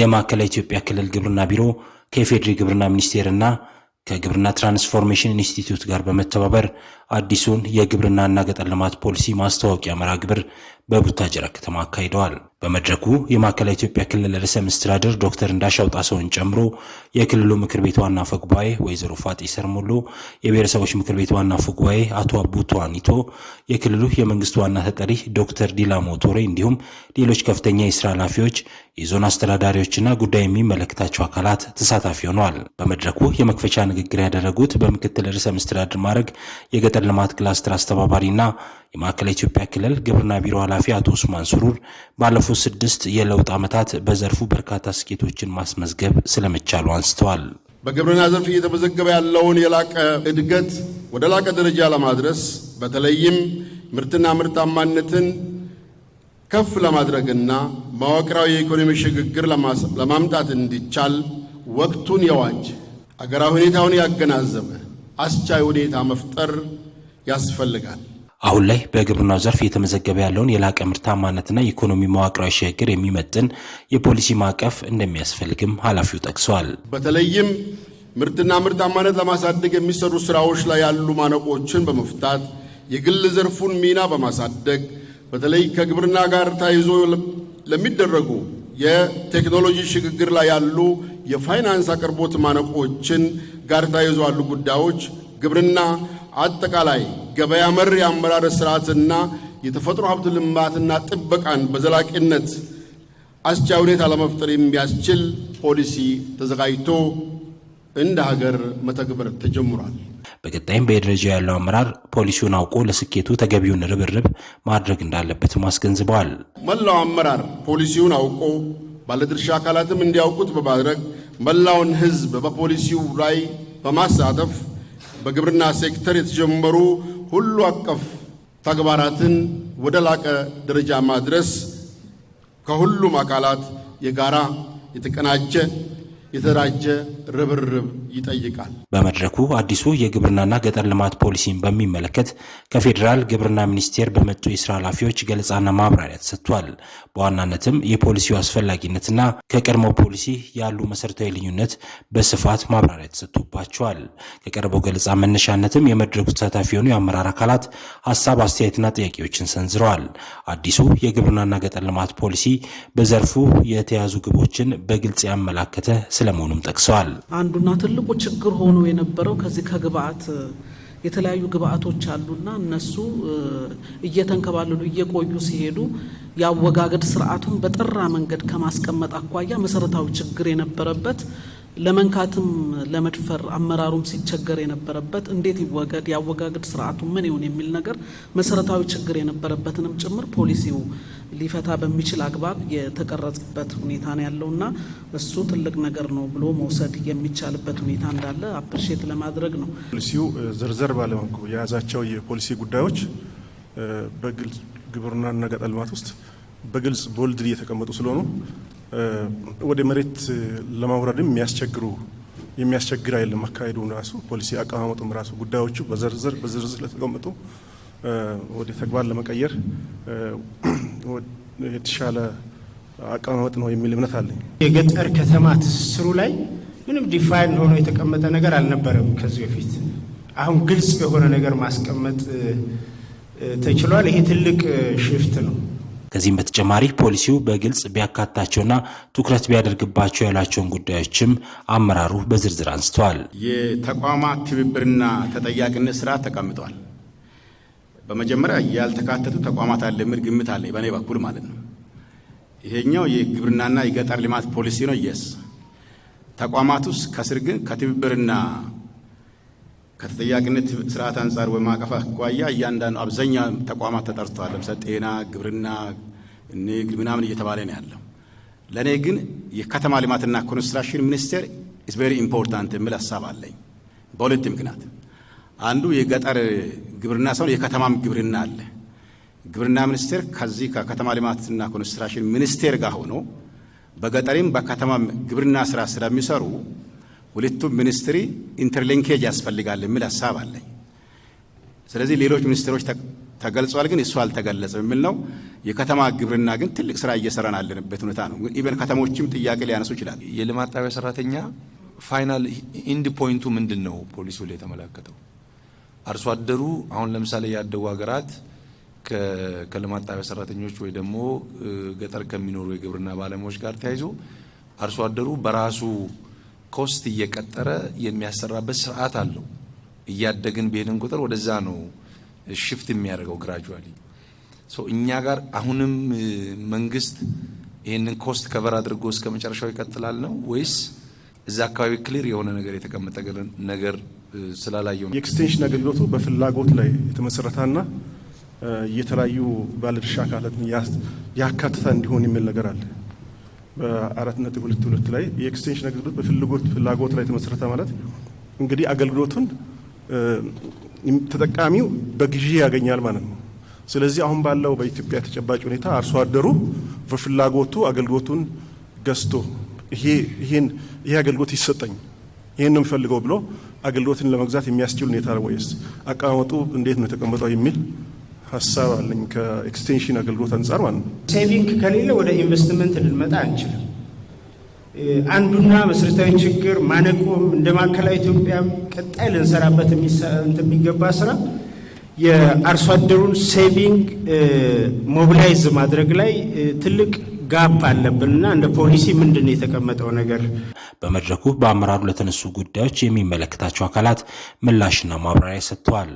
የማዕከላዊ ኢትዮጵያ ክልል ግብርና ቢሮ ከኢፌዴሪ ግብርና ሚኒስቴርና ከግብርና ትራንስፎርሜሽን ኢንስቲትዩት ጋር በመተባበር አዲሱን የግብርናና ገጠር ልማት ፖሊሲ ማስታወቂያ መርሃ ግብር በቡታጅራ ከተማ አካሂደዋል። በመድረኩ የማዕከላዊ ኢትዮጵያ ክልል ርዕሰ መስተዳድር ዶክተር እንዳሻው ጣሰውን ጨምሮ የክልሉ ምክር ቤት ዋና አፈ ጉባኤ ወይዘሮ ፋጤ ሰርሞሎ፣ የብሔረሰቦች ምክር ቤት ዋና አፈ ጉባኤ አቶ አቡቶ አኒቶ፣ የክልሉ የመንግስት ዋና ተጠሪ ዶክተር ዲላሞ ቶሬ እንዲሁም ሌሎች ከፍተኛ የስራ ኃላፊዎች፣ የዞን አስተዳዳሪዎችና ጉዳይ የሚመለከታቸው አካላት ተሳታፊ ሆነዋል። በመድረኩ የመክፈቻ ንግግር ያደረጉት በምክትል ርዕሰ መስተዳድር ማድረግ የገጠር የገጠር ልማት ክላስተር አስተባባሪና የማዕከላዊ ኢትዮጵያ ክልል ግብርና ቢሮ ኃላፊ አቶ ኡስማን ስሩር ባለፉት ስድስት የለውጥ ዓመታት በዘርፉ በርካታ ስኬቶችን ማስመዝገብ ስለመቻሉ አንስተዋል። በግብርና ዘርፍ እየተመዘገበ ያለውን የላቀ እድገት ወደ ላቀ ደረጃ ለማድረስ በተለይም ምርትና ምርታማነትን ከፍ ለማድረግና መዋቅራዊ የኢኮኖሚ ሽግግር ለማምጣት እንዲቻል ወቅቱን የዋጅ አገራዊ ሁኔታውን ያገናዘበ አስቻይ ሁኔታ መፍጠር ያስፈልጋል። አሁን ላይ በግብርናው ዘርፍ እየተመዘገበ ያለውን የላቀ ምርታማነትና የኢኮኖሚ መዋቅራዊ ሽግግር የሚመጥን የፖሊሲ ማዕቀፍ እንደሚያስፈልግም ኃላፊው ጠቅሰዋል። በተለይም ምርትና ምርታማነት ለማሳደግ የሚሰሩ ስራዎች ላይ ያሉ ማነቆችን በመፍታት የግል ዘርፉን ሚና በማሳደግ በተለይ ከግብርና ጋር ተያይዞ ለሚደረጉ የቴክኖሎጂ ሽግግር ላይ ያሉ የፋይናንስ አቅርቦት ማነቆችን ጋር ተያይዞ ያሉ ጉዳዮች ግብርና አጠቃላይ ገበያ መር የአመራር ስርዓትና የተፈጥሮ ሀብት ልማትና ጥበቃን በዘላቂነት አስቻ ሁኔታ ለመፍጠር የሚያስችል ፖሊሲ ተዘጋጅቶ እንደ ሀገር መተግበር ተጀምሯል። በቀጣይም በየደረጃ ያለው አመራር ፖሊሲውን አውቆ ለስኬቱ ተገቢውን ርብርብ ማድረግ እንዳለበትም አስገንዝበዋል። መላው አመራር ፖሊሲውን አውቆ ባለድርሻ አካላትም እንዲያውቁት በማድረግ መላውን ሕዝብ በፖሊሲው ላይ በማሳተፍ በግብርና ሴክተር የተጀመሩ ሁሉ አቀፍ ተግባራትን ወደ ላቀ ደረጃ ማድረስ ከሁሉም አካላት የጋራ የተቀናጀ የተደራጀ ርብርብ ይጠይቃል። በመድረኩ አዲሱ የግብርናና ገጠር ልማት ፖሊሲን በሚመለከት ከፌዴራል ግብርና ሚኒስቴር በመጡ የስራ ኃላፊዎች ገለጻና ማብራሪያ ተሰጥቷል። በዋናነትም የፖሊሲው አስፈላጊነትና ከቀድሞ ፖሊሲ ያሉ መሰረታዊ ልዩነት በስፋት ማብራሪያ ተሰጥቶባቸዋል። ከቀረበው ገለጻ መነሻነትም የመድረኩ ተሳታፊ የሆኑ የአመራር አካላት ሀሳብ፣ አስተያየትና ጥያቄዎችን ሰንዝረዋል። አዲሱ የግብርናና ገጠር ልማት ፖሊሲ በዘርፉ የተያዙ ግቦችን በግልጽ ያመላከተ ስለመሆኑም ጠቅሰዋል። አንዱና ትልቁ ችግር ሆኖ የነበረው ከዚህ ከግብአት የተለያዩ ግብአቶች አሉና እነሱ እየተንከባለሉ እየቆዩ ሲሄዱ የአወጋገድ ስርዓቱን በጠራ መንገድ ከማስቀመጥ አኳያ መሰረታዊ ችግር የነበረበት ለመንካትም ለመድፈር አመራሩም ሲቸገር የነበረበት እንዴት ይወገድ ያወጋገድ ስርዓቱ ምን ይሁን የሚል ነገር መሰረታዊ ችግር የነበረበትንም ጭምር ፖሊሲው ሊፈታ በሚችል አግባብ የተቀረጸበት ሁኔታ ነው ያለውና እሱ ትልቅ ነገር ነው ብሎ መውሰድ የሚቻልበት ሁኔታ እንዳለ አፕሪሼት ለማድረግ ነው። ፖሊሲው ዝርዝር ባለመልኩ የያዛቸው የፖሊሲ ጉዳዮች በግልጽ ግብርናና ገጠር ልማት ውስጥ በግልጽ ቦልድ እየተቀመጡ ስለሆኑ ወደ መሬት ለማውረድም የሚያስቸግሩ የሚያስቸግር አይደለም። አካሄዱ ራሱ ፖሊሲ አቀማመጡም ራሱ ጉዳዮቹ በዝርዝር በዝርዝር ለተቀመጡ ወደ ተግባር ለመቀየር የተሻለ አቀማመጥ ነው የሚል እምነት አለኝ። የገጠር ከተማ ትስስሩ ላይ ምንም ዲፋይን ሆኖ የተቀመጠ ነገር አልነበረም ከዚህ በፊት። አሁን ግልጽ የሆነ ነገር ማስቀመጥ ተችሏል። ይሄ ትልቅ ሽፍት ነው። ከዚህም በተጨማሪ ፖሊሲው በግልጽ ቢያካታቸውና ትኩረት ቢያደርግባቸው ያላቸውን ጉዳዮችም አመራሩ በዝርዝር አንስተዋል። የተቋማት ትብብርና ተጠያቂነት ስርዓት ተቀምጧል። በመጀመሪያ ያልተካተቱ ተቋማት አለ የሚል ግምት አለ፣ በእኔ በኩል ማለት ነው። ይሄኛው የግብርናና የገጠር ልማት ፖሊሲ ነው። የስ ተቋማት ውስጥ ከስር ግን ከትብብርና ከተጠያቂነት ስርዓት አንጻር ወይም ማዕቀፍ አኳያ እያንዳንዱ አብዛኛ ተቋማት ተጠርተዋል። ለምሳሌ ጤና፣ ግብርና፣ ንግድ ምናምን እየተባለ ነው ያለው። ለእኔ ግን የከተማ ልማትና ኮንስትራክሽን ሚኒስቴር ኢዝ ቬሪ ኢምፖርታንት የሚል ሀሳብ አለኝ በሁለት ምክንያት። አንዱ የገጠር ግብርና ሳይሆን የከተማም ግብርና አለ። ግብርና ሚኒስቴር ከዚህ ከከተማ ልማትና ኮንስትራክሽን ሚኒስቴር ጋር ሆኖ በገጠሪም በከተማም ግብርና ስራ ስለሚሰሩ ሁለቱም ሚኒስትሪ ኢንተርሊንኬጅ ያስፈልጋል የሚል ሀሳብ አለኝ። ስለዚህ ሌሎች ሚኒስትሮች ተገልጿል፣ ግን እሱ አልተገለጸም የሚል ነው። የከተማ ግብርና ግን ትልቅ ስራ እየሰራን ያለንበት ሁኔታ ነው። ኢቨን ከተሞችም ጥያቄ ሊያነሱ ይችላል። የልማት ጣቢያ ሰራተኛ ፋይናል ኢንድ ፖይንቱ ምንድን ነው? ፖሊሱ ላይ የተመለከተው አርሶ አደሩ አሁን ለምሳሌ ያደጉ ሀገራት ከልማት ጣቢያ ሰራተኞች ወይ ደግሞ ገጠር ከሚኖሩ የግብርና ባለሙያዎች ጋር ተያይዞ አርሶ አደሩ በራሱ ኮስት እየቀጠረ የሚያሰራበት ስርዓት አለው። እያደግን ብሄድን ቁጥር ወደዛ ነው ሽፍት የሚያደርገው ግራጁዋሊ። እኛ ጋር አሁንም መንግስት ይህንን ኮስት ከቨር አድርጎ እስከ መጨረሻው ይቀጥላል ነው ወይስ እዛ አካባቢ ክሊር የሆነ ነገር የተቀመጠ ነገር ስላላየው ነው? የኤክስቴንሽን አገልግሎቱ በፍላጎት ላይ የተመሰረተና የተለያዩ ባለድርሻ አካላትን ያካትታ እንዲሆን የሚል ነገር አለ። በአራት ነጥብ ሁለት ሁለት ላይ የኤክስቴንሽን አገልግሎት በፍላጎት ፍላጎት ላይ ተመሰረተ ማለት እንግዲህ አገልግሎቱን ተጠቃሚው በግዢ ያገኛል ማለት ነው። ስለዚህ አሁን ባለው በኢትዮጵያ ተጨባጭ ሁኔታ አርሶ አደሩ በፍላጎቱ አገልግሎቱን ገዝቶ ይሄን ይሄ አገልግሎት ይሰጠኝ ይህን ነው የምፈልገው ብሎ አገልግሎትን ለመግዛት የሚያስችል ሁኔታ ወይስ አቀማመጡ እንዴት ነው የተቀመጠው የሚል ሀሳብ አለኝ ከኤክስቴንሽን አገልግሎት አንጻር ማለት ነው። ሴቪንግ ከሌለ ወደ ኢንቨስትመንት ልንመጣ አንችልም። አንዱና መሰረታዊ ችግር ማነቆም እንደ ማዕከላዊ ኢትዮጵያ ቀጣይ ልንሰራበት የሚገባ ስራ የአርሶ አደሩን ሴቪንግ ሞቢላይዝ ማድረግ ላይ ትልቅ ጋፕ አለብንና እንደ ፖሊሲ ምንድን ነው የተቀመጠው ነገር? በመድረኩ በአመራሩ ለተነሱ ጉዳዮች የሚመለከታቸው አካላት ምላሽና ማብራሪያ ሰጥተዋል።